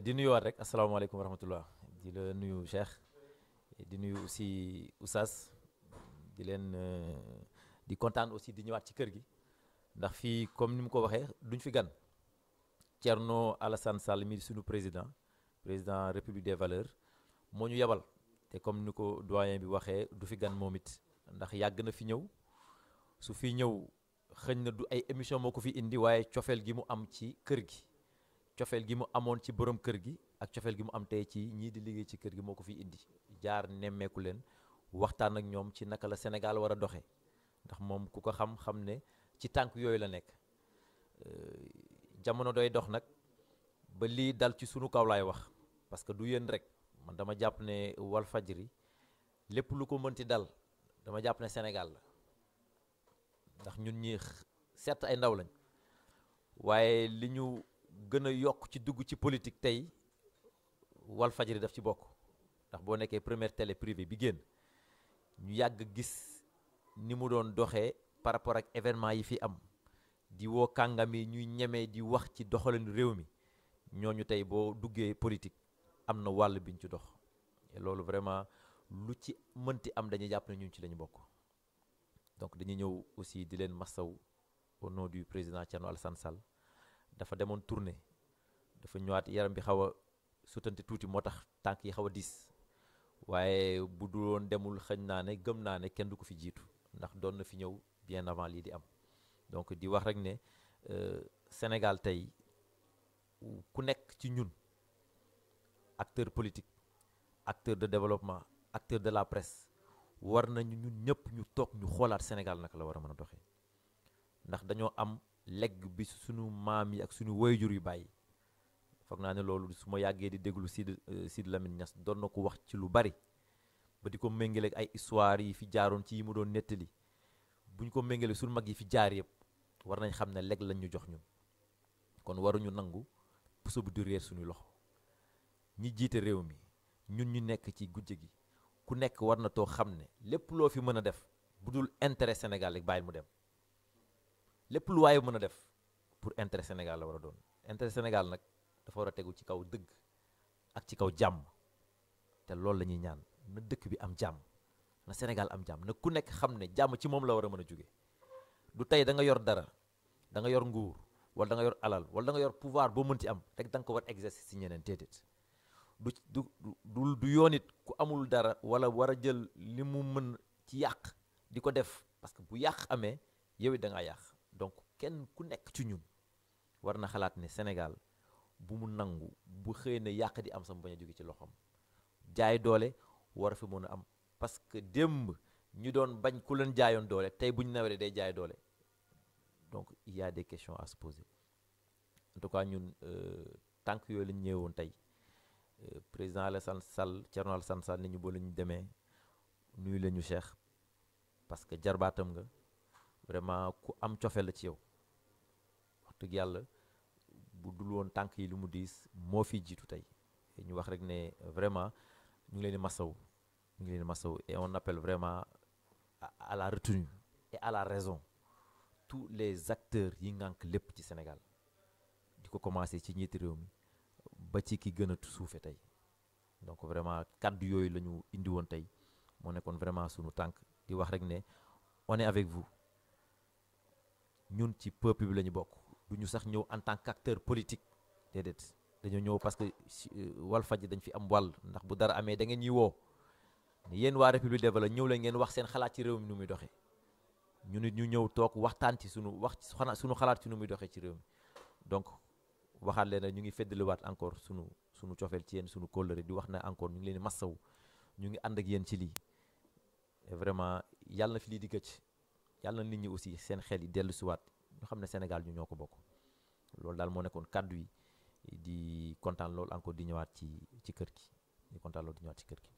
di waat rek asalaamaaleykum wa rahmatullah di la nuyu seex di nuyu aussi Oustaz di leen euh, di kontaan aussi di ñëwaat ci kër gi ndax fii comme ni mu ko waxee duñ fi gan Thierno Alassane Sall mi suñu président président République des Valeurs moo ñu yebal te comme ni ko doyen bi waxee du fi gan moom it ndax yàgg na fi ñëw su fi ñëw xëñ na du ay émission moo ko fi indi waaye cofeel gi mu am ci kër gi cofeel gi mu amoon ci borom kër gi ak cofeel gi mu am tey ci ñii di liggéey ci kër gi moo ko fi indi jaar nemmeeku leen waxtaan ak ñoom ci naka la Sénégal war a doxee ndax moom ku ko xam xam ne ci tànk yooyu la nekk jamono doy dox nag ba lii dal ci sunu kaw laay wax parce que du yéen rek man dama jàpp ne Walfajri lépp lu ko mënti dal dama jàpp ne Sénégal la ndax ñun ñi certes ay ndaw lañ waaye li ñu gën a yokk ci dugg ci politique tey wal fajari daf ci bokk ndax boo nekkee première télé privée bi génn ñu yàgg gis ni mu doon doxee par rapport ak événement yi fi am di woo kàngam yi ñuy ñemee di wax ci doxalinu réew mi ñooñu tey boo duggee politique am na wàll biñ ci dox loolu vraiment lu ci mënti am dañuy jàpp ñu ñun ci lañu bokk donc dañuy ñëw aussi di leen massaw au nom du président Thierno san sal dafa demoon tournée dafa ñëwaat yaram bi xaw a sutanti tuuti moo tax tànk yi xaw a diis waaye bu du woon demul xëñ naa ne gëm naa ne kenn du ko fi jiitu ndax doon na fi ñëw bien avant lii di am donc di wax rek ne euh, Sénégal tey ku nekk ci ñun acteur politique acteur de développement acteur de la presse war nañu ñun ñëpp ñu toog ñu xoolaat Sénégal naka la war a mën a doxee ndax dañoo am legg bi suñu maam yi ak suñu wayjur yu bàyyi foog naa ne loolu su ma yàggee di déglu Sidi euh, Sidi Lamine Niass doon na ko wax ci lu bari ba di ko méngaleeg ay histoire yi fi jaaroon ci yi mu doon nettali bu ñu ko méngalee suñu mag yi fi jaar yëpp war nañ xam ne legg lañ ñu jox ñun kon waruñu nangu puso bu di réer suñu loxo ñi jiite réew mi ñun ñu nekk ci gujje gi ku nekk war na too xam ne lépp loo fi mën a def bu dul intérêt Sénégal rek bàyyil mu dem lépp lu waaye mën a def pour intere Sénégal la war a doon intere Sénégal nag dafa war a tegu ci kaw dëgg ak ci kaw jàmm te loolu la ñuy ñaan na dëkk bi am jàmm na Sénégal am jàmm na ku nekk xam ne jàmm ci moom la war a mën a jóge du tey danga yor dara da nga yor nguur wala da nga yor alal wala da nga yor pouvoir boo mën ci am rek da nga ko war exercer si ñeneen déedéet du du du du yoon it ku amul dara wala war a jël li mu mën ci yàq di ko def parce que bu yàq amee yow da ngaa yàq kenn ku nekk ci ñun war na xalaat ne Sénégal bu mu nangu bu xëy na yàq di am sama bañ a jóge ci loxoom jaay doole war fi mën a am parce que démb ñu doon bañ ku leen jaayoon doole tey bu ñu nawee day jaay doole donc il y a des questions à se en tout cas ñun euh, tànk yooyu la ñu ñëwoon tey euh, président sal Sall Thierno san sal ni ñu boo la ñu demee nuyu la ñu Cheikh parce que jarbaatam nga vraiment ku am cofe la ci yow. dëgg yàlla bu tànk yi lu mu diis moo fi jiitu tey ñu wax rek ne vraiment ñu ngi leen di masaw ñu ngi leen di masaw et on appelle vraiment à la retenue et à la raison tous les acteurs yi ngànk lépp ci Sénégal di ko commencé ci njiiti réew mi ba ci ki gën a suufe tey donc vraiment kàddu yooyu la ñu indi woon tey moo nekkoon vraiment sunu tànk di wax rek ne on est avec vous ñun ci peuple bi la ñu bokk du ñu sax ñëw en tant qu'acteur politique déedéet dañoo ñëw parce que euh, faj dañ fi am wal ndax bu dara amee da ngeen ñuy woo yéen waa République Développe ñëw leen ngeen wax seen xalaat ci réew mi nu muy doxee ñu nit ñu ñëw toog waxtaan ci sunu wax sunu xalaat ci nu muy doxee ci réew mi donc waxaat leen ne ñu ngi feddaliwaat encore sunu sunu cofeel ci yéen sunu kóllëre di wax na encore ñu ngi leen massawu ñu ngi ànd ak yéen ci lii et vraiment yàlla na fi lii di gëcc yàlla na nit aussi seen xel yi dellu siwaat ñoo xam ne Sénégal ñu ñoo ko bokk loolu daal moo nekkoon kàddu yi di kontaan loolu encore di ñëwaat ci ci kër gi di kontaan loolu di ñëwaat ci kër gi.